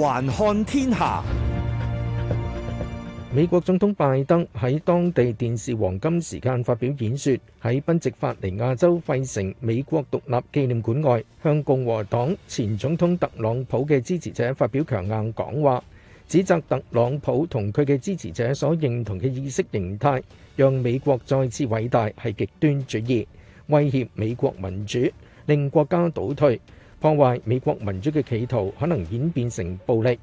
環看天下，美國總統拜登喺當地電視黃金時間發表演說，喺賓夕法尼亞州費城美國獨立紀念館外，向共和黨前總統特朗普嘅支持者發表強硬講話，指責特朗普同佢嘅支持者所認同嘅意識形態，讓美國再次偉大係極端主義，威脅美國民主，令國家倒退。破壞美國民主嘅企圖，可能演變成暴力。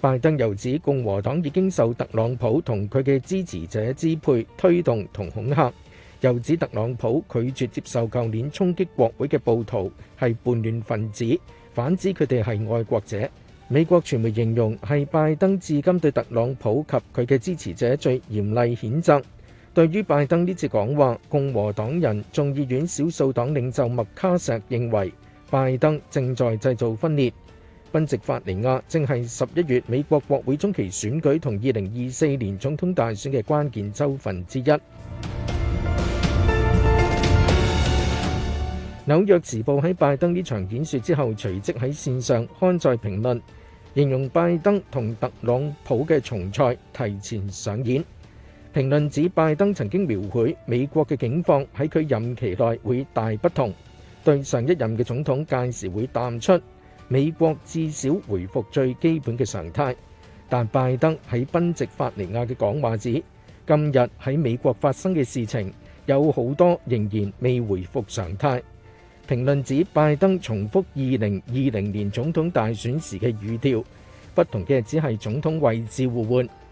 拜登又指共和黨已經受特朗普同佢嘅支持者支配、推動同恐嚇，又指特朗普拒絕接受舊年衝擊國會嘅暴徒係叛亂分子，反指佢哋係愛國者。美國傳媒形容係拜登至今對特朗普及佢嘅支持者最嚴厲譴責。對於拜登呢次講話，共和黨人眾議院少數黨領袖麥卡錫認為。拜登正在製造分裂。賓夕法尼亞正係十一月美國國會中期選舉同二零二四年總統大選嘅關鍵州份之一。紐約時報喺拜登呢場演說之後，隨即喺線上刊載評論，形容拜登同特朗普嘅重賽提前上演。評論指拜登曾經描繪美國嘅境況喺佢任期內會大不同。對上一任嘅總統屆時會淡出，美國至少回復最基本嘅常態。但拜登喺賓夕法尼亞嘅講話指，今日喺美國發生嘅事情有好多仍然未回復常態。評論指拜登重複二零二零年總統大選時嘅語調，不同嘅只係總統位置互換。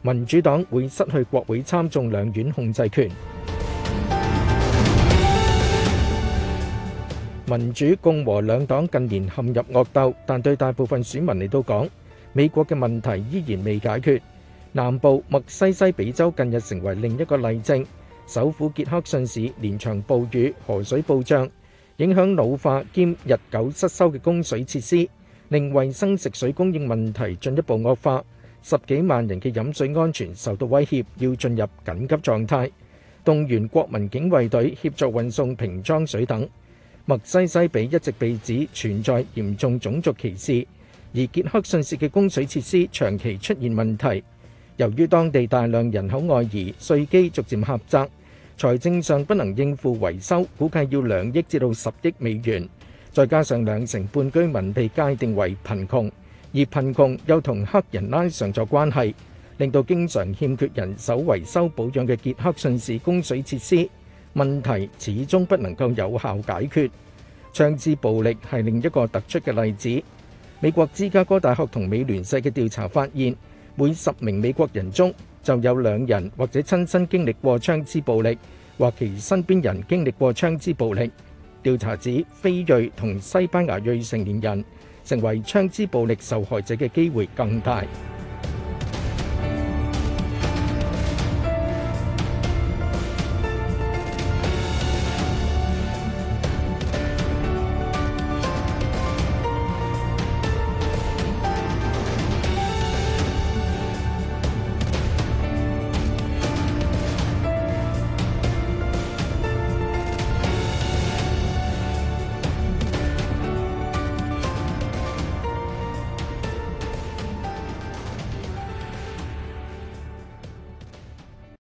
民主黨會失去國會參眾兩院控制權。民主共和兩黨近年陷入惡鬥，但對大部分選民嚟到講，美國嘅問題依然未解決。南部墨西西比州近日成為另一個例證，首府傑克遜市連場暴雨、河水暴漲，影響老化兼日久失修嘅供水設施，令衞生食水供應問題進一步惡化。十幾萬人嘅飲水安全受到威脅，要進入緊急狀態，動員國民警衛隊協助運送瓶裝水等。密西西比一直被指存在嚴重種族歧視，而傑克遜市嘅供水設施長期出現問題。由於當地大量人口外移，稅基逐漸狹窄，財政上不能應付維修，估計要兩億至到十億美元。再加上兩成半居民被界定為貧窮。而貧窮又同黑人拉上咗關係，令到經常欠缺人手維修保養嘅傑克遜市供水設施問題始終不能夠有效解決。槍支暴力係另一個突出嘅例子。美國芝加哥大學同美聯社嘅調查發現，每十名美國人中就有兩人或者親身經歷過槍支暴力，或其身邊人經歷過槍支暴力。調查指非裔同西班牙裔成年人，成為槍支暴力受害者嘅機會更大。